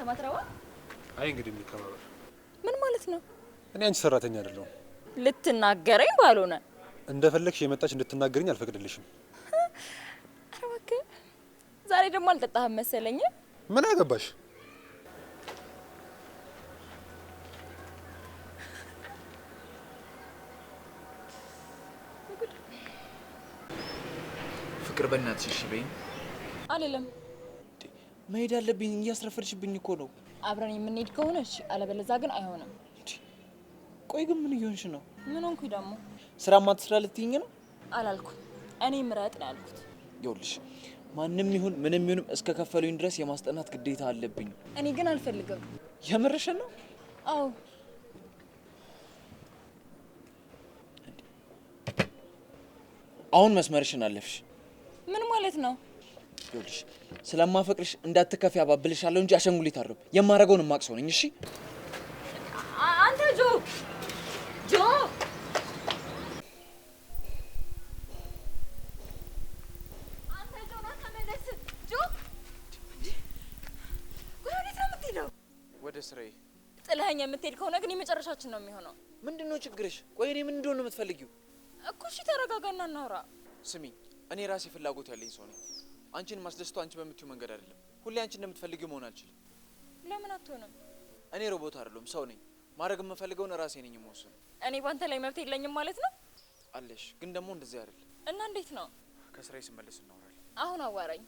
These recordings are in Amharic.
አንተ ማትረባ። አይ እንግዲህ የሚከባበር ምን ማለት ነው? እኔ አንቺ ሰራተኛ አይደለሁም። ልትናገረኝ ባልሆነ እንደፈለግሽ የመጣች እንድትናገረኝ አልፈቅድልሽም። እባክህ ዛሬ ደግሞ አልጠጣህም መሰለኝ። ምን አገባሽ? ፍቅር በእናትሽ እሺ በይኝ። አልልም መሄድ ያለብኝ እያስረፈድሽብኝ እኮ ነው። አብረን የምንሄድ ከሆነች አለበለዛ ግን አይሆንም። ቆይ ግን ምን እየሆንሽ ነው? ምን ሆንኩ ደግሞ? ስራ ማትስራ ልትይኝ ነው? አላልኩ። እኔ ምረጥ ነው ያልኩት። ይኸውልሽ ማንም ይሁን ምንም ይሁንም እስከ ከፈሉኝ ድረስ የማስጠናት ግዴታ አለብኝ። እኔ ግን አልፈልግም። የምርሽን ነው? አዎ። አሁን መስመርሽን አለፍሽ። ምን ማለት ነው? ይኸውልሽ ስለማፈቅርሽ እንዳትከፊ አባብልሻለሁ እንጂ አሸንጉሊት አድርጉ። የማደርገውን የማቅ ሰው ነኝ። እሺ አንተ ጆ ጆ ወደ ስራዬ ጥለኸኝ የምትሄድ ከሆነ ግን የመጨረሻችን ነው የሚሆነው። ምንድን ነው ችግርሽ? ቆይ እኔ ምን እንደሆነ የምትፈልጊው እኮ? እሺ ተረጋጋና እናውራ። ስሚኝ፣ እኔ ራሴ ፍላጎት ያለኝ ሰው ነኝ። አንቺን ማስደስቶ አንቺ በምትዩ መንገድ አይደለም። ሁሌ አንቺ እንደምትፈልጊ መሆን አልችልም። ለምን አትሆንም? እኔ ሮቦት አይደለሁም፣ ሰው ነኝ። ማድረግ የምፈልገውን ራሴ ነኝ የምወስነው። እኔ ባንተ ላይ መብት የለኝም ማለት ነው? አለሽ፣ ግን ደግሞ እንደዚህ አይደለም። እና እንዴት ነው? ከስራዬ ስመለስ እናወራለን። አሁን አዋራኝ።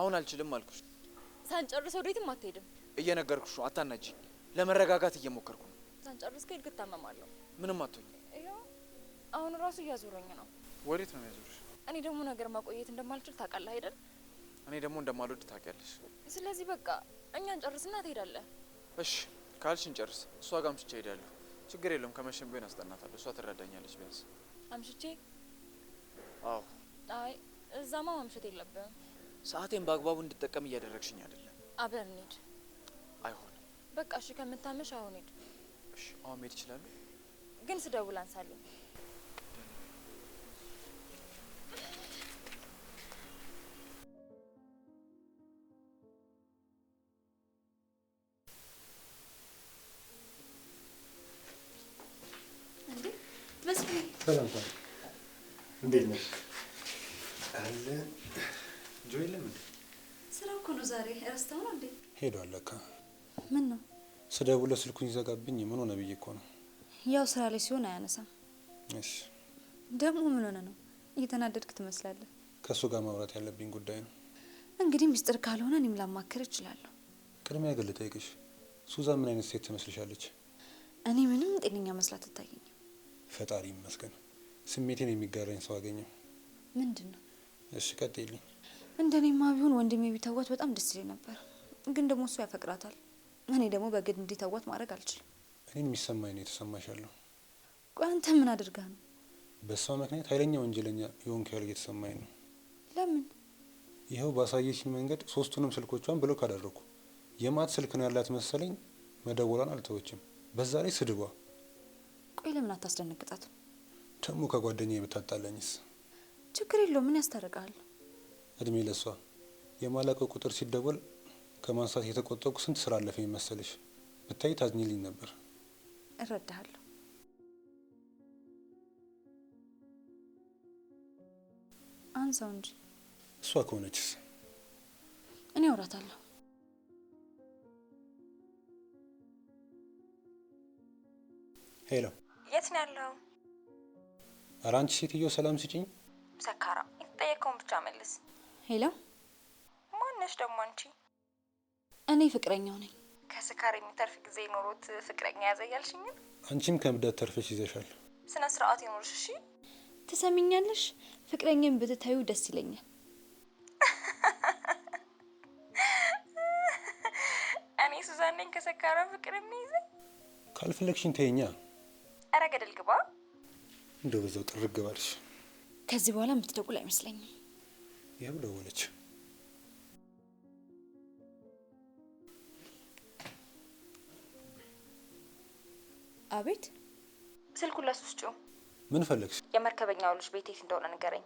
አሁን አልችልም አልኩሽ። ሳንጨርስ ወዴትም አትሄድም። እየነገርኩሽ ነው፣ አታናጂ። ለመረጋጋት እየሞከርኩ ነው። ሳንጨርስ ከሄድክ እታመማለሁ። ምንም አትሆኝ። አሁን ራሱ እያዞረኝ ነው። ወዴት ነው የሚያዞርሽ? እኔ ደግሞ ነገር ማቆየት እንደማልችል ታውቃለህ አይደል? እኔ ደግሞ እንደማልወድ ታውቂያለሽ። ስለዚህ በቃ እኛን ጨርስና ትሄዳለህ። እሺ ካልሽ እንጨርስ። እሷ ጋር አምሽቼ እሄዳለሁ። ችግር የለውም። ከመሸም ቢሆን አስጠናታለሁ። እሷ ትረዳኛለች ቢያንስ። አምሽቼ? አዎ። አይ እዛማ ማምሸት የለብም። ሰዓቴን በአግባቡ እንድጠቀም እያደረግሽኝ አይደለም። አብረን እንሂድ። አይሆንም። በቃ እሺ፣ ከምታመሽ አሁን ሂድ። እሺ፣ አሁን መሄድ ይችላሉ፣ ግን ስደውል አንሳለሁ ሄዷል ለካ። ምን ነው ስደውለው ስልኩን ይዘጋብኝ። ምን ሆነ ብዬ እኮ ነው። ያው ስራ ላይ ሲሆን አያነሳም። እሺ ደግሞ ምን ሆነ ነው? እየተናደድክ ትመስላለህ። ከእሱ ጋር ማውራት ያለብኝ ጉዳይ ነው። እንግዲህ ሚስጥር ካልሆነ እኔም ላማክር እችላለሁ። ቅድሚያ ግን ልጠይቅሽ፣ ሱዛን ምን አይነት ሴት ትመስልሻለች? እኔ ምንም ጤነኛ መስላት ትታየኝም። ፈጣሪ ይመስገን ስሜቴን የሚጋራኝ ሰው አገኘው። ምንድን ነው? እሺ ቀጥይልኝ። እንደኔማ ቢሆን ወንድሜ ቢተዋት በጣም ደስ ይለኝ ነበር። ግን ደግሞ እሱ ያፈቅራታል። እኔ ደግሞ በግድ እንዲተዋት ማድረግ አልችልም። እኔ የሚሰማኝ ነው የተሰማሻለሁ። ያለው። ቆይ አንተ ምን አድርጋ ነው? በእሷ ምክንያት ኃይለኛ ወንጀለኛ የሆንክ ያህል እየተሰማኝ ነው። ለምን? ይኸው ባሳየችኝ መንገድ ሶስቱንም ስልኮቿን ብሎክ አደረኩ። የማት ስልክ ነው ያላት መሰለኝ። መደወሏን አልተወችም። በዛ ላይ ስድቧ። ቆይ ለምን አታስደነግጣት ደግሞ? ከጓደኛ የምታጣለኝስ? ችግር የለው ምን ያስታርቃል? እድሜ ለሷ የማላቀው ቁጥር ሲደወል ከማንሳት የተቆጠብኩ ስንት ስራ አለፈኝ መሰለሽ። ብታይ ታዝኝልኝ ነበር። እረዳሃለሁ። አንሳው እንጂ። እሷ ከሆነችስ እኔ አውራታለሁ። ሄሎ፣ የት ነው ያለው? ኧረ አንቺ ሴትዮ ሰላም ስጭኝ። ሰካራ፣ የተጠየቀውን ብቻ መልስ። ሄሎ፣ ማነሽ ደግሞ አንቺ? እኔ ፍቅረኛው ነኝ። ከስካር የሚተርፍ ጊዜ ኖሮት ፍቅረኛ ያዘ እያልሽኝ፣ አንቺም ከብዳት ተርፈሽ ይዘሻል። ስነ ስርዓት ይኖርሽ። እሺ ትሰሚኛለሽ? ፍቅረኛን ብትታዩ ደስ ይለኛል። እኔ ሱዛኔን ከሰካራ ፍቅር የሚይዘ ካልፈለግሽኝ ተይኛ። ኧረ ገደል ግባ። እንደው በዛው ጥርግ ባልሽ። ከዚህ በኋላ የምትደውል አይመስለኝም። ያብለወነች አቤት። ስልኩን ለሱ ስጪው። ምን ፈለግሽ? የመርከበኛው ልጅ ቤት የት እንደሆነ ንገረኝ።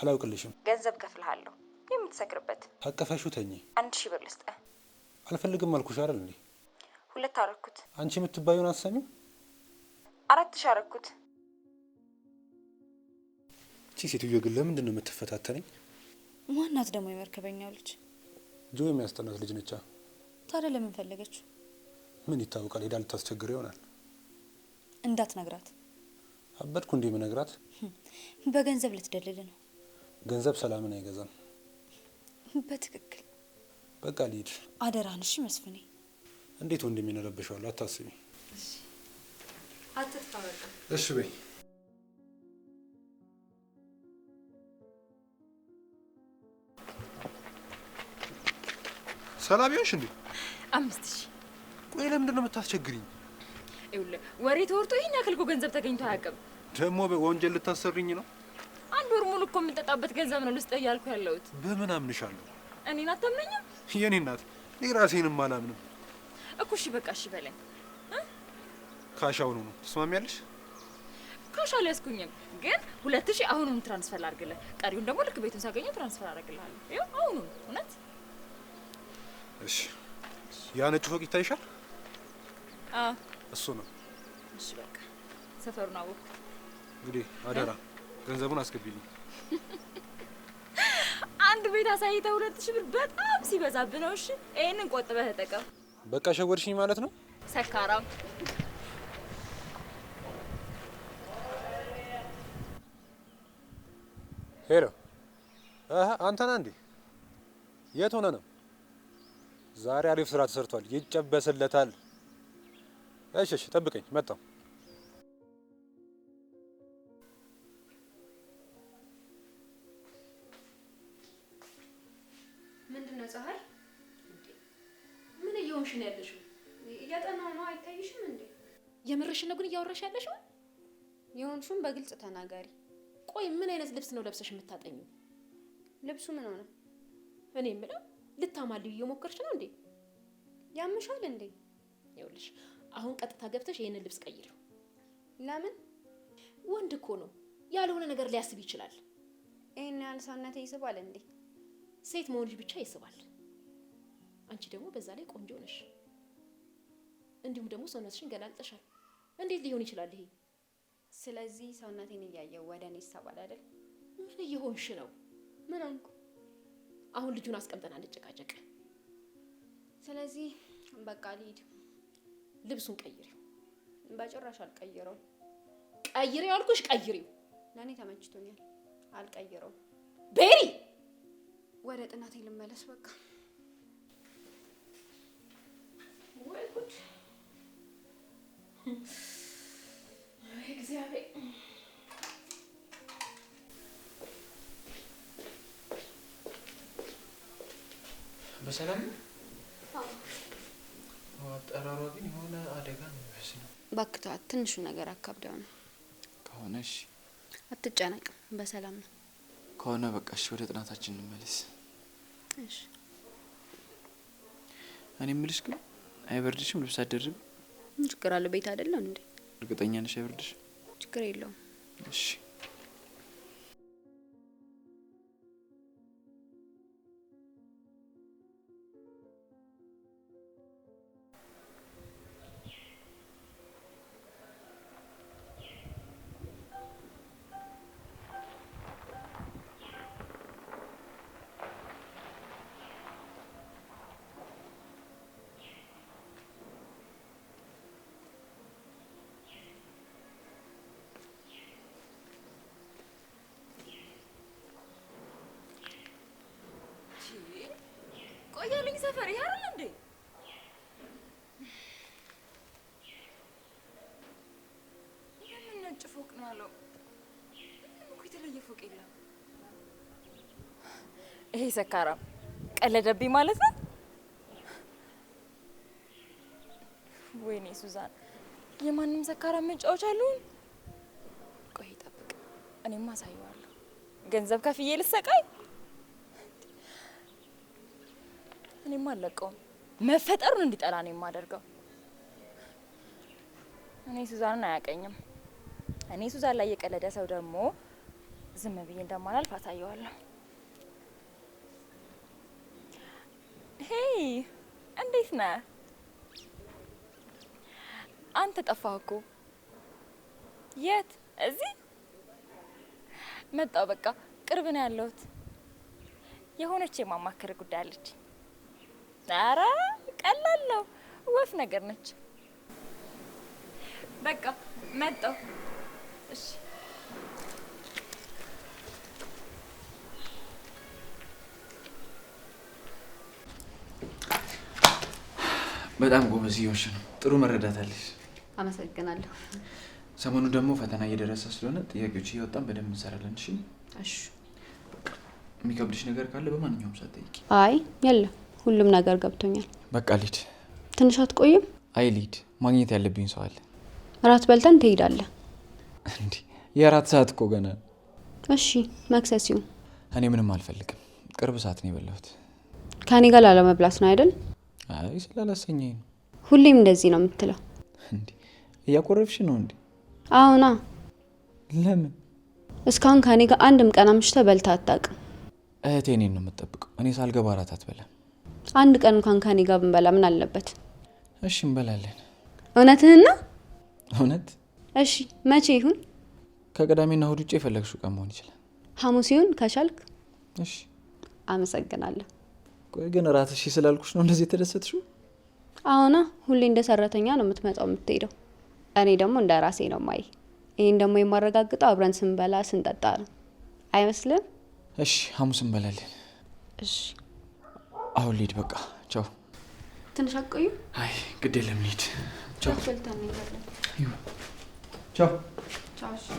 አላውቅልሽም። ገንዘብ ከፍልሃለሁ። የምትሰክርበት። ታቀፈሽው ተኝ አንድ ሺህ ብር ልስጠ። አልፈልግም አልኩሽ አይደል እንዴ? ሁለት አረኩት። አንቺ የምትባዩን አሰሚ አራት ሺ አረኩት። እቺ ሴትዮ ግን ለምንድን ነው የምትፈታተነኝ? ማናት ደግሞ የመርከበኛው ልጅ? ጆ የሚያስጠናት ልጅ ነቻ። ታዲያ ለምን ፈለገችው? ምን ይታወቃል። ሄዳ ልታስቸግር ይሆናል። እንዳትነግራት። አበድኩ እንዴ? ምነግራት? በገንዘብ ልትደልል ነው። ገንዘብ ሰላምን አይገዛም። በትክክል በቃ ልሂድ። አደራህን። እሺ መስፍኔ። እንዴት ወንድሜ እረብሸዋለሁ፣ አታስቢ። እሺ በይ። ሰላም ይሁንሽ። እንዴ? አምስት ሺህ። ቆይ ለምንድን ነው የምታስቸግሪኝ? ይኸውልህ ወሬ ተወርቶ ይህን ያክል እኮ ገንዘብ ተገኝቶ አያውቅም። ደግሞ በወንጀል ልታሰርኝ ነው? አንድ ወር ሙሉ እኮ የምንጠጣበት ገንዘብ ነው ልስጠህ እያልኩ ያለሁት። በምን አምንሻለሁ? እኔን አታምነኝም? የኔ እናት እኔ ራሴንም አላምንም እኮ። እሺ በቃ እሺ በለኝ። ካሻውኑ ነው ትስማሚያለሽ? ካሻ አልያዝኩኝም፣ ግን ሁለት ሺህ አሁኑን ትራንስፈር ላድርግልህ። ቀሪውን ደግሞ ልክ ቤቱን ሳገኘው ትራንስፈር አደርግልሃለሁ። ይኸው አሁኑ እውነት። እሺ ያ ነጭ ፎቅ ይታይሻል? አዎ እሱ ነው። እሺ በቃ ሰፈሩን አወቅ እንግዲህ አደራ ገንዘቡን አስገቢልኝ። አንድ ቤት አሳይተ ሁለት ሺህ ብር በጣም ሲበዛብህ ነው። እሺ ይሄንን ቆጥበህ ተጠቀም። በቃ ሸወድሽኝ ማለት ነው ሰካራም። ሄሎ አንተና እንዴ? የት ሆነ ነው? ዛሬ አሪፍ ስራ ተሰርቷል፣ ይጨበስለታል። እሺ፣ እሺ፣ ጠብቀኝ፣ መጣሁ። ምንድን ነው ፀሐይ? ምን እየሆንሽ ነው ያለሽው? እያጠናሁ ነው፣ አይታይሽም እንዴ? የምርሽን ነው ግን እያወራሽ ያለሽው? የሆንሽውን በግልጽ ተናጋሪ። ቆይ ምን አይነት ልብስ ነው ለብሰሽ የምታጠኙ? ልብሱ ምን ሆነ? እኔ የምለው ልታማልዩ እየሞከርሽ ነው እንዴ? ያምሻል እንዴ? ይኸውልሽ አሁን ቀጥታ ገብተሽ ይህንን ልብስ ቀይር። ለምን? ወንድ እኮ ነው ያልሆነ ነገር ሊያስብ ይችላል። ይህን ያህል ሰውነቴ ይስባል እንዴ? ሴት መሆንሽ ብቻ ይስባል። አንቺ ደግሞ በዛ ላይ ቆንጆ ነሽ፣ እንዲሁም ደግሞ ሰውነትሽን ገላልጠሻል። እንዴት ሊሆን ይችላል ይሄ? ስለዚህ ሰውነቴን እያየው ወደ እኔ ይሳባል አይደል? ምን እየሆንሽ ነው? ምን አንኩ? አሁን ልጁን አስቀምጠን አንጨቃጨቅ። ስለዚህ በቃ ልሂድ። ልብሱን ቀይሪው። በጭራሽ አልቀይረውም። ቀይሪው በጭራሽ አልቀይረው ቀይሪው ቀይሪው። ለእኔ ተመችቶኛል፣ አልቀይረው። ቤሪ፣ ወደ ጥናቴ ልመለስ በቃ። ወይ ጉድ! ወይ እግዚአብሔር! በሰላም ነው አጠራሯ ግን የሆነ አደጋ ነው። እባክህ ትንሹን ነገር አካብደው ነው ከሆነ እሺ፣ አትጨነቅም። በሰላም ነው ከሆነ በቃ እሺ፣ ወደ ጥናታችን እንመለስ። እሺ፣ እኔ ምልሽ ግን አይበርድሽም? ልብስ አደርግም። ችግር አለው ቤት አይደለም እንዴ? እርግጠኛ ነሽ አይበርድሽ? ችግር የለውም። እሺ ቆያልኝ ሰፈር ይሄ አይደል እንዴ? የምን ነጭ ፎቅ ነው ያለው? ምንም እኮ የተለየ ፎቅ የለም። ይሄ ሰካራም ቀለደብኝ ማለት ነው። ወይኔ ሱዛን፣ የማንም ሰካራም መጫወቻ አሉን። ቆይ ጠብቅ፣ እኔማ አሳየዋለሁ። ገንዘብ ከፍዬ ልሰቃይ እኔማ አልለቀውም። መፈጠሩን እንዲጠላ ነው የማደርገው። እኔ ሱዛንን አያቀኝም። እኔ ሱዛን ላይ የቀለደ ሰው ደግሞ ዝም ብዬ እንደማላልፍ አሳየዋለሁ። ሄይ እንዴት ነህ? አንተ ጠፋህ እኮ። የት? እዚህ መጣሁ። በቃ ቅርብ ነው ያለሁት። የሆነች የማማከር ጉዳይ አለች። አረ ቀላል ነው፣ ወፍ ነገር ነች። በቃ መጣሁ። እሺ በጣም ጎበዝ እየሆንሽ ነው። ጥሩ መረዳት አለሽ። አመሰግናለሁ። ሰሞኑ ደግሞ ፈተና እየደረሰ ስለሆነ ጥያቄዎች እያወጣን በደንብ እንሰራለን። እሺ፣ የሚከብድሽ ነገር ካለ በማንኛውም ሰዓት ጠይቂ። አይ የለም። ሁሉም ነገር ገብቶኛል። በቃ ሊድ፣ ትንሽ አትቆይም? አይ ሊድ፣ ማግኘት ያለብኝ ሰው አለ። እራት በልተን ትሄዳለህ። እንዲ የእራት ሰዓት እኮ ገና። እሺ መክሰስ ይሁን። እኔ ምንም አልፈልግም። ቅርብ ሰዓት ነው የበላሁት። ከኔ ጋር ላለመብላት ነው አይደል? አይ ስላላሰኘኝ ነው። ሁሌም እንደዚህ ነው የምትለው። እንዲ እያቆረብሽ ነው እንዴ? አሁና ለምን እስካሁን ከኔ ጋር አንድም ቀን አምሽተህ በልተህ አታውቅም? እህቴ እኔን ነው የምጠብቀው። እኔ ሳልገባ እራት አትበላም። አንድ ቀን እንኳን ከኔ ጋር ብንበላ ምን አለበት? እሺ እንበላለን። እውነትህን ነው? እውነት። እሺ መቼ ይሁን? ከቅዳሜና እሁድ ውጭ የፈለግሽው ቀን መሆን ይችላል። ሐሙስ ይሁን ከቻልክ። እሺ አመሰግናለሁ። ቆይ ግን እሺ ስላልኩሽ ነው እንደዚህ የተደሰትሽው? አሁና ሁሌ እንደ ሰራተኛ ነው የምትመጣው የምትሄደው፣ እኔ ደግሞ እንደ ራሴ ነው ማይ። ይህን ደግሞ የማረጋግጠው አብረን ስንበላ ስንጠጣ ነው አይመስልም? እሺ ሐሙስ እንበላለን። እሺ አሁን ሊድ በቃ ቻው። ትንሽ አቆዩ። አይ ግድ የለም ሊድ ቻው። ቻው ቻው ቻው።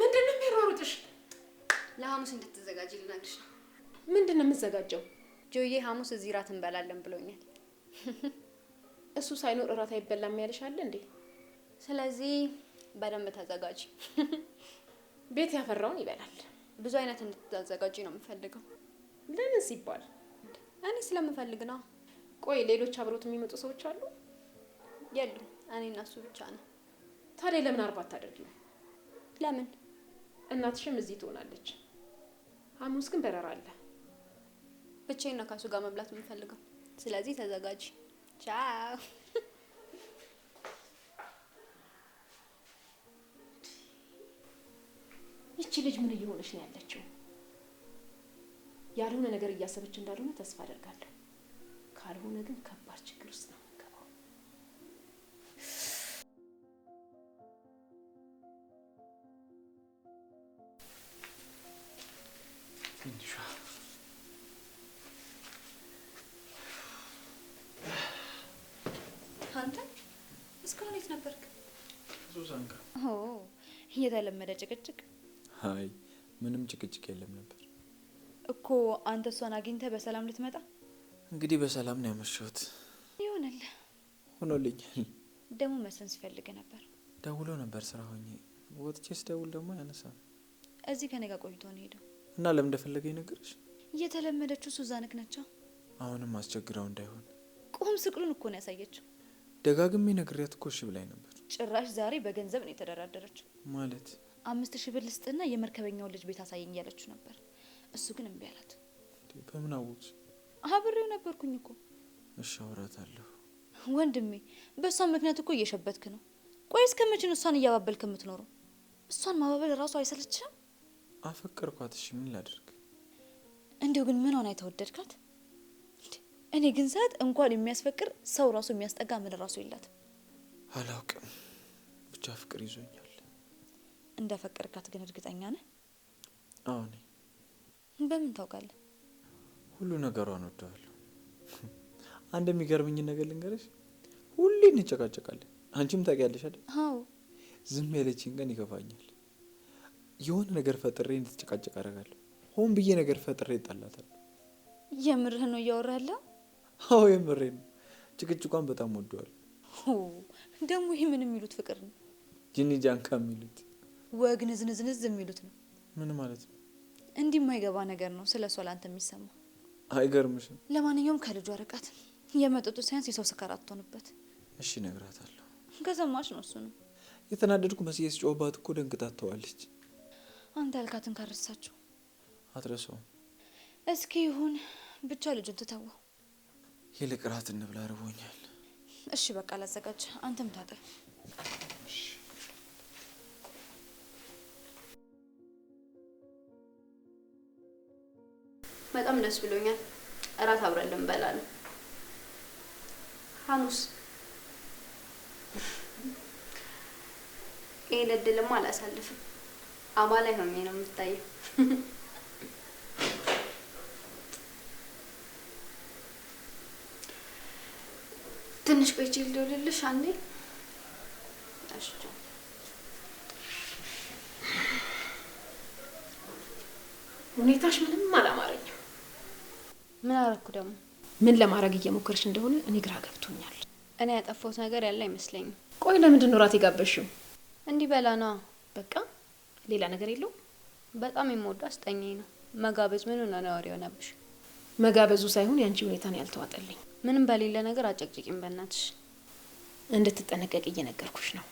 ምንድን ነው የሚሯሩጥሽ? ለሐሙስ እንድትዘጋጅ ልናግርሽ ነው። ምንድን ነው የምትዘጋጀው? ጆዬ ሐሙስ እዚህ እራት እንበላለን ብሎኛል። እሱ ሳይኖር እራት አይበላም ያልሻለ እንዴ? ስለዚህ በደንብ ተዘጋጂ። ቤት ያፈራውን ይበላል። ብዙ አይነት እንድትዘጋጂ ነው የምፈልገው። ለምን ሲባል እኔ ስለምፈልግ ነው። ቆይ ሌሎች አብሮት የሚመጡ ሰዎች አሉ? የሉ፣ እኔ እና እሱ ብቻ ነው። ታዲያ ለምን አርባ አታደርጊው? ለምን? እናትሽም እዚህ ትሆናለች። ሐሙስ ግን በረራ አለ። ብቻዬን ነው ከሱ ጋር መብላት የምፈልገው። ስለዚህ ተዘጋጂ። ቻው እቺ ልጅ ምን እየሆነች ነው ያለችው? ያልሆነ ነገር እያሰበች እንዳልሆነ ተስፋ አደርጋለሁ። ካልሆነ ግን ከባድ ችግር ውስጥ ነው የምንገባው። አንተ እስካሁን የት ነበርክ? ዙዛን ጋር የተለመደ ጭቅጭቅ አይ ምንም ጭቅጭቅ የለም ነበር እኮ። አንተ እሷን አግኝተ በሰላም ልትመጣ እንግዲህ በሰላም ነው ያመሸሁት። ይሆናል ሆኖልኛል። ደግሞ መስን ስፈልግ ነበር ደውሎ ነበር ስራ ሆኜ ወጥቼስ ደውል ደግሞ ያነሳ እዚህ ከኔ ጋር ቆይቶ ነው ሄደው እና ለምን እንደፈለገኝ ነገርሽ እየተለመደችው ሱዛንክ ናቸው። አሁንም አስቸግረው እንዳይሆን ቁም ስቅሉን እኮ ነው ያሳየችው። ደጋግሜ ነግሬያት እኮ እሺ ብላኝ ነበር። ጭራሽ ዛሬ በገንዘብ ነው የተደራደረችው ማለት አምስት ሺህ ብር ልስጥና የመርከበኛውን ልጅ ቤት አሳየኝ እያለችው ነበር። እሱ ግን እምቢ አላት። በምን አብሬው ነበርኩኝ እኮ። እሺ አውራታለሁ። ወንድሜ በእሷ ምክንያት እኮ እየሸበትክ ነው። ቆይ እስከ እሷን እያባበልክ የምትኖረው? እሷን ማባበል ራሱ አይሰለችም? አፈቀርኳት። እሺ ምን ላድርግ? እንዲሁ ግን ምን ሆና የተወደድካት? እኔ ግን ሰዓት እንኳን የሚያስፈቅር ሰው ራሱ የሚያስጠጋ ምን ራሱ የላት። አላውቅም ብቻ ፍቅር ይዞኛል። እንደ ግን እርግጠኛ ነህ? አዎ። በምን ታውቃለህ? ሁሉ ነገሯን ወደዋለሁ። አንድ የሚገርምኝን ነገር ልንገርሽ፣ ሁሌ እንጨቃጨቃለን። አንቺም ታውቂያለሽ አይደል? አዎ። ዝም ያለችን ቀን ይከፋኛል። የሆነ ነገር ፈጥሬ እንድትጨቃጨቅ አደርጋለሁ። ሆን ብዬ ነገር ፈጥሬ እጣላታለሁ። የምርህ ነው እያወራለሁ? አዎ የምሬ ነው። ጭቅጭቋን በጣም ወደዋለሁ። ደግሞ ይህ ምን የሚሉት ፍቅር ነው? ጂኒ ጃንካ የሚሉት ወግ ንዝንዝንዝ የሚሉት ነው። ምን ማለት ነው? እንዲህ የማይገባ ነገር ነው ስለ እሷ ላንተ የሚሰማ አይገርምሽም? ለማንኛውም ከልጇ ርቃት የመጠጡ ሳይንስ የሰው ስካር አትሆንበት። እሺ እነግራታለሁ። ከሰማች ነው እሱ ነው የተናደድኩ መስዬ ጮባት እኮ ደንግጣተዋለች አንተ ያልካትን ካረሳቸው አትረሰው እስኪ ይሁን ብቻ ልጁን ትተወው። ይልቅ ራት እንብላ፣ ርቦኛል። እሺ በቃ ላዘጋጅ፣ አንተም ታጠብ። በጣም ደስ ብሎኛል። እራት አብረን ልንበላለን። ሀሙስ ይሄን እድልማ አላሳልፍም። አባ ላይ ሆኜ ነው የምታየው። ትንሽ ቆይቼ ልደውልልሽ አንዴ። ሁኔታሽ ምንም አላማረ ምን አረኩ ደግሞ? ምን ለማድረግ እየሞከርሽ እንደሆነ እኔ ግራ ገብቶኛል። እኔ ያጠፋሁት ነገር ያለ አይመስለኝም። ቆይ ለምንድን ራት የጋበዝሽው? እንዲህ በላ ነዋ። በቃ ሌላ ነገር የለው። በጣም የምወደው አስጠኛኝ ነው። መጋበዝ ምን ሆነ ነዋሪ የሆነብሽ? መጋበዙ ሳይሆን የአንቺ ሁኔታ ያልተዋጠልኝ። ምንም በሌለ ነገር አጨቅጭቂም። በናትሽ። እንድትጠነቀቅ እየነገርኩሽ ነው።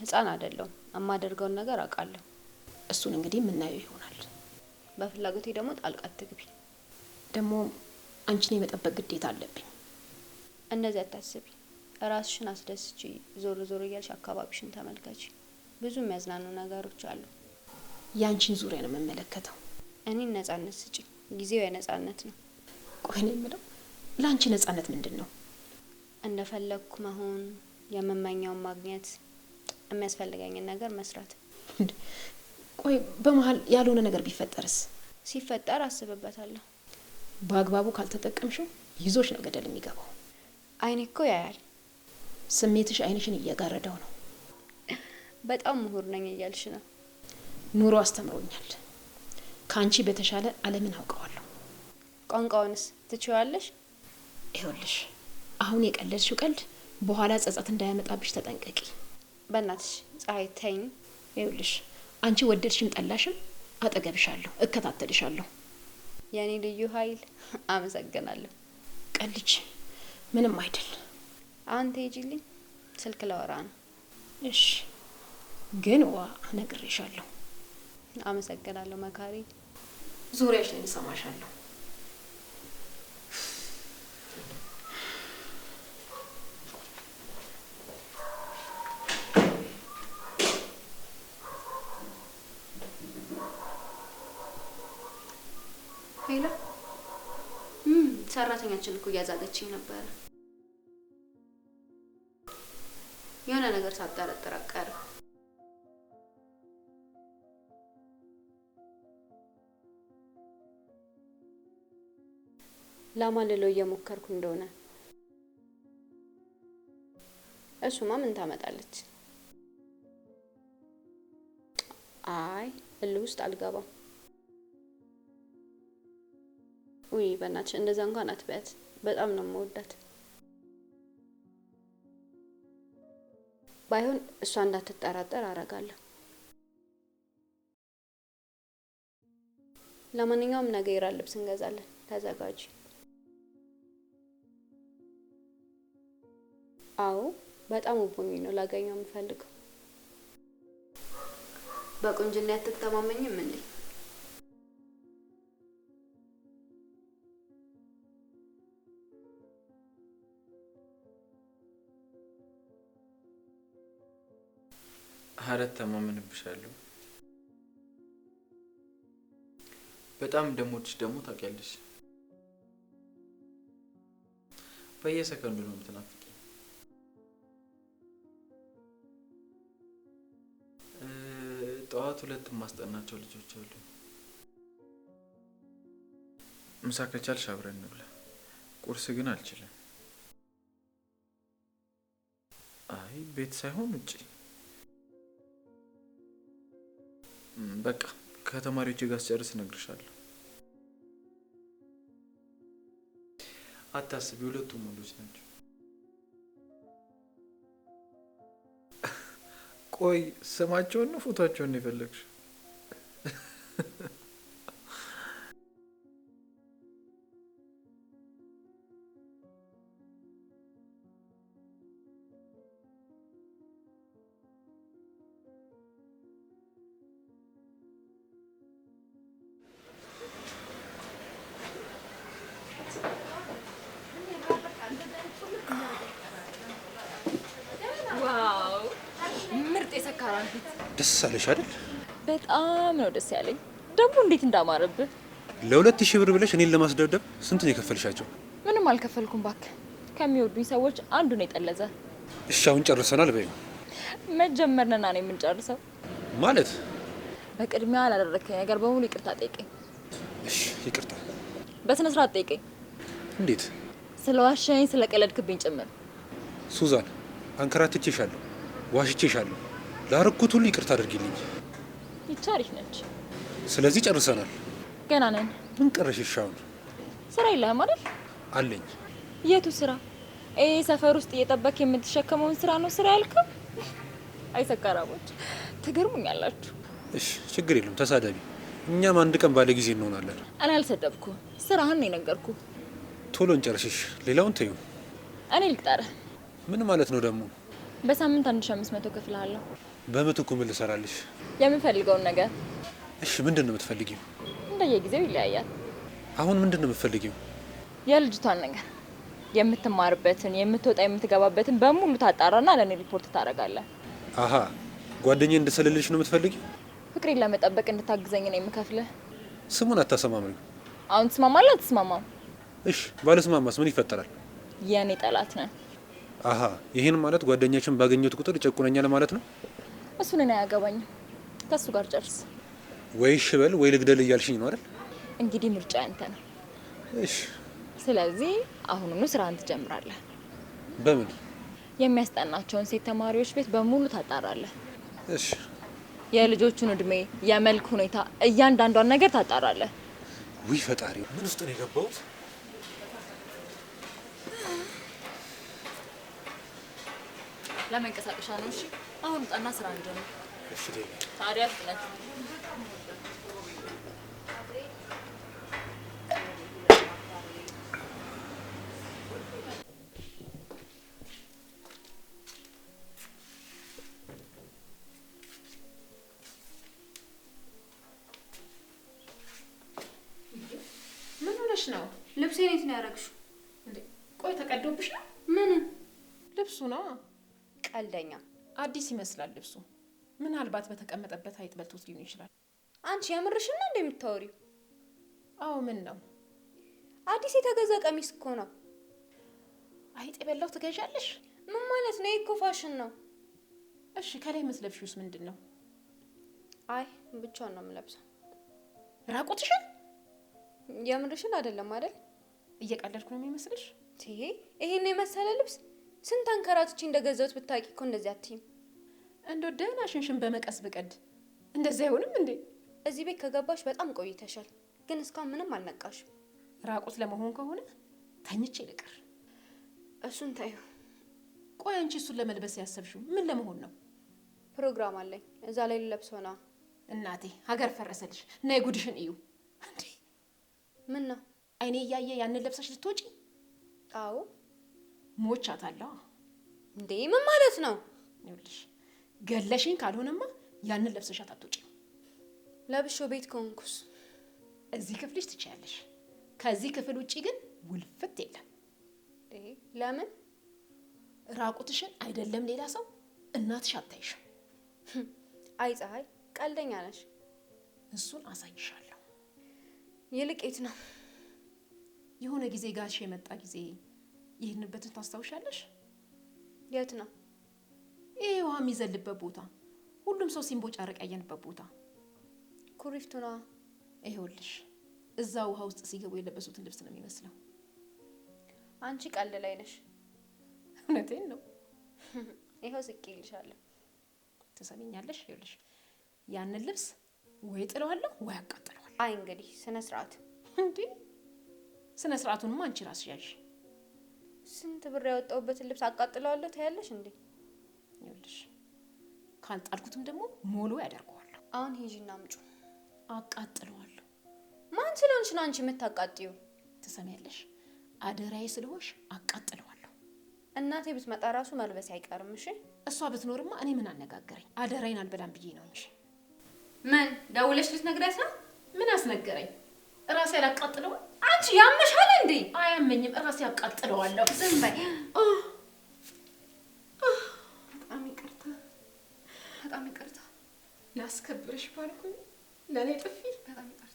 ህፃን አይደለሁም። የማደርገውን ነገር አውቃለሁ። እሱን እንግዲህ የምናየው ይሆናል። በፍላጎቴ ደግሞ ጣልቃ ትግቢ ደግሞ አንቺን የመጠበቅ ግዴታ አለብኝ። እንደዚህ አታስቢ። ራስሽን አስደስቺ። ዞር ዞር እያልሽ አካባቢሽን ተመልከች። ብዙ የሚያዝናኑ ነገሮች አሉ። የአንቺን ዙሪያ ነው የምመለከተው። እኔን ነጻነት ስጪ። ጊዜው የነጻነት ነው። ቆይ ነው የምለው ለአንቺ ነጻነት ምንድን ነው? እንደፈለግኩ መሆን፣ የምመኛውን ማግኘት፣ የሚያስፈልገኝን ነገር መስራት። ቆይ በመሀል ያልሆነ ነገር ቢፈጠርስ? ሲፈጠር አስብበታለሁ። በአግባቡ ካልተጠቀምሽው ይዞሽ ነው ገደል የሚገባው። አይኔ እኮ ያያል። ስሜትሽ አይንሽን እየጋረደው ነው። በጣም ምሁር ነኝ እያልሽ ነው። ኑሮ አስተምሮኛል። ከአንቺ በተሻለ ዓለምን አውቀዋለሁ። ቋንቋውንስ ትችዋለሽ? ይኸውልሽ አሁን የቀለድሽው ቀልድ በኋላ ጸጸት እንዳያመጣብሽ ተጠንቀቂ። በእናትሽ ፀሐይ ተይኝ። ይኸውልሽ አንቺ ወደድሽም ጠላሽም አጠገብሻለሁ፣ እከታተልሻለሁ። የኔ ልዩ ኃይል አመሰግናለሁ። ቀልጅ ምንም አይደል። አንተ ሂጂልኝ፣ ስልክ ለወራ ነው። እሺ፣ ግን ዋ እነግርሻለሁ። አመሰግናለሁ መካሪ፣ ዙሪያሽ ላይ ሰራተኛችን እኮ እያዛገችኝ ነበረ። የሆነ ነገር ሳጠረጥር ላማ ላማልለው እየሞከርኩ እንደሆነ እሱማ ምን ታመጣለች? አይ እልህ ውስጥ አልገባም። ውይ በናችን እንደዛ እንኳን አትበያት። በጣም ነው መወዳት ባይሆን እሷ እንዳትጠራጠር አረጋለሁ። ለማንኛውም ነገ ልብስ እንገዛለን፣ ተዘጋጅ አዎ በጣም ውቡኝ ነው ላገኘው የምፈልገው። በቁንጅና አትተማመኝም እንዴ? ኧረ እተማመንብሻለሁ። በጣም እንደምወድሽ ደግሞ ታውቂያለሽ። በየሰከንዱ ነው የምትናፍቂ። ጠዋት ሁለት ማስጠናቸው ልጆች አሉ። ምሳ ከቻልሽ አብረን እንብላ። ቁርስ ግን አልችልም። አይ ቤት ሳይሆን ውጭ በቃ ከተማሪዎች ጋር ስጨርስ እነግርሻለሁ። አታስቢ፣ ሁለቱም ወንዶች ናቸው። ቆይ ስማቸውን ፎቶቸውን ፎቷቸውን የፈለግሽው? ደስ አለሽ አይደል? በጣም ነው ደስ ያለኝ። ደግሞ እንዴት እንዳማረብህ። ለሁለት ሺህ ብር ብለሽ እኔን ለማስደብደብ ስንት ነው የከፈልሻቸው? ምንም አልከፈልኩም ባክ ከሚወዱኝ ሰዎች አንዱ ነው የጠለዘ። እሺ አሁን ጨርሰናል በይ። መጀመርነና ነው የምንጨርሰው ማለት። በቅድሚያ አላደረግከኝ ነገር በሙሉ ይቅርታ ጠይቀኝ። እሺ ይቅርታ። በስነ ስርዓት ጠይቀኝ። እንዴት? ስለ ዋሻኝ ስለ ቀለድክብኝ ጭምር። ሱዛን አንከራትቼሻለሁ፣ ዋሽቼሻለሁ ላረኩት ሁሉ ይቅርታ አድርጊልኝ። ይቺ አሪፍ ነች። ስለዚህ ጨርሰናል። ገና ነን። ምን ቀረሽ? ይሻውን ስራ የለህም አይደል? አለኝ። የቱ ስራ? ይህ ሰፈር ውስጥ እየጠበክ የምትሸከመውን ስራ ነው ስራ ያልከው? አይሰቀራቦች ሰካራቦች ትገርሙኛላችሁ። እሺ ችግር የለም ተሳዳቢ። እኛም አንድ ቀን ባለ ጊዜ እንሆናለን። እኔ አልሰደብኩ ስራህን ነው የነገርኩ። ቶሎ እንጨርሽሽ፣ ሌላውን ተይው። እኔ ልቅጠረ። ምን ማለት ነው ደግሞ? በሳምንት አንድ ሺህ አምስት መቶ ከፍልሃለሁ። በምትኩ ምን ልሰራልሽ? የምፈልገውን ነገር። እሺ፣ ምንድን ነው የምትፈልጊው? እንደየጊዜው ይለያያል። አሁን ምንድን ነው የምትፈልጊው? የልጅቷን ነገር የምትማርበትን፣ የምትወጣ የምትገባበትን በሙሉ ታጣራና ለእኔ ሪፖርት ታደርጋለህ። አሀ፣ ጓደኛ እንድሰልልሽ ነው የምትፈልጊው? ፍቅሬን ለመጠበቅ እንድታግዘኝ ነው የምከፍልህ። ስሙን አታሰማምኝ። አሁን ትስማማለህ? አትስማማም? እሺ፣ ባለስማማስ ምን ይፈጠራል? የእኔ ጠላት ነን። አሀ፣ ይህን ማለት ጓደኛችን ባገኘት ቁጥር ይጨቁነኛል ማለት ነው። እሱን እኔ አያገባኝም። ከሱ ጋር ጨርስ። ወይ ሽበል ወይ ልግደል እያልሽኝ ነው አይደል? እንግዲህ ምርጫ ያንተ ነው። እሺ። ስለዚህ አሁኑኑ ስራህን ትጀምራለህ። በምን? የሚያስጠናቸውን ሴት ተማሪዎች ቤት በሙሉ ታጣራለህ። እሺ። የልጆቹን እድሜ፣ የመልክ ሁኔታ፣ እያንዳንዷን ነገር ታጣራለህ። ውይ ፈጣሪ፣ ምን ውስጥ ነው የገባሁት? ለመንቀሳቀሻ ነው። እሺ አሁን ጣና ስራ እንጀምር። ታዲያ ፍጥነት ነው ልብሴ የት ነው ያደረግሽው? ቆይ ተቀዶብሽ ነው? ልብሱ ነው? ቀልደኛ አዲስ ይመስላል ልብሱ። ምናልባት በተቀመጠበት አይጥ በልቶት ሊሆን ይችላል። አንቺ ያምርሽና እንደምታወሪው። አዎ ምን ነው አዲስ የተገዛ ቀሚስ እኮ ነው። አይጥ የበላው ትገዣለሽ? ምን ማለት ነው? እኮ ፋሽን ነው። እሺ ከላይ የምትለብሺውስ ምንድን ነው? አይ ብቻውን ነው የምለብሰው። ራቁትሽን? የምርሽን አይደለም አይደል? እየቀለድኩ ነው የሚመስልሽ? ይሄን የመሰለ ልብስ ስንት አንከራትቼ እንደገዛሁት ብታውቂ እኮ እንደዚህ አትይም። እንደ ደህና ሽንሽን በመቀስ ብቀድ እንደዚህ አይሆንም እንዴ? እዚህ ቤት ከገባሽ በጣም ቆይተሻል፣ ግን እስካሁን ምንም አልነቃሽ። ራቁት ለመሆን ከሆነ ተኝቼ ልቅር። እሱን ታዩ። ቆይ አንቺ እሱን ለመልበስ ያሰብሽው ምን ለመሆን ነው? ፕሮግራም አለኝ እዛ ላይ ልለብሶና። እናቴ ሀገር ፈረሰልሽ እና የጉድሽን እዩ። እንዴ ምን ነው አይኔ እያየ ያንን ለብሰሽ ልትወጪ? አዎ ሞቻታለሁ። እንዴ ምን ማለት ነው? ይኸውልሽ ገለሽኝ ካልሆነማ ያንን ለብሰሻት አትወጪም። ለብሾ ቤት ከሆንኩስ እዚህ ክፍልሽ ትችያለሽ። ከዚህ ክፍል ውጪ ግን ውልፍት የለም። ለምን? ራቁትሽን አይደለም ሌላ ሰው እናትሽ አታይሽም። አይ ፀሐይ፣ ቀልደኛ ነሽ። እሱን አሳይሻለሁ። ይልቅ የት ነው የሆነ ጊዜ ጋሽ የመጣ ጊዜ ይህንበትን ታስታውሻለሽ? የት ነው? ይሄ ውሃ የሚዘልበት ቦታ፣ ሁሉም ሰው ሲንቦጫረቅ ያየንበት ቦታ። ኩሪፍቱና። ይኸውልሽ እዛ ውሃ ውስጥ ሲገቡ የለበሱትን ልብስ ነው የሚመስለው። አንቺ ቀልድ ላይ ነሽ። እውነቴን ነው። ይኸው ስቄ ይልሻለሁ። ትሰሚኛለሽ? ይኸውልሽ ያንን ልብስ ወይ ጥለዋለሁ ወይ አቃጥለዋለሁ። አይ እንግዲህ ስነ ስርዓት እንዴ! ስነ ስርዓቱንማ አንቺ ራስሽ ያዥ። ስንት ብር ያወጣሁበትን ልብስ አቃጥለዋለሁ ታያለሽ እንዴ? ይኸውልሽ ካልጣልኩትም ደግሞ ሞሎ ያደርገዋለሁ። አሁን ሂጂና አምጪው። አቃጥለዋለሁ። ማን ስለሆንሽ ነው አንቺ የምታቃጥዩ? ትሰሚያለሽ? አደራዬ ስለሆንሽ አቃጥለዋለሁ። እናቴ ብትመጣ ራሱ መልበስ አይቀርም። እሺ እሷ ብትኖርማ እኔ ምን አነጋገረኝ? አደራዬን አልበላም ብዬ ነው እንጂ። ምን ደውለሽ ልትነግሪያት ነው? ምን አስነገረኝ? ራሴ አላቃጥለውም አንቺ ያመሻል እንዴ? አያመኝም፣ እራሴ ያቃጥለዋለሁ። ዝም በይ። በጣም ይቅርታ፣ በጣም ይቅርታ። ላስከብርሽ ባልኩኝ ለእኔ ጥፊ በጣም ይቅርታ።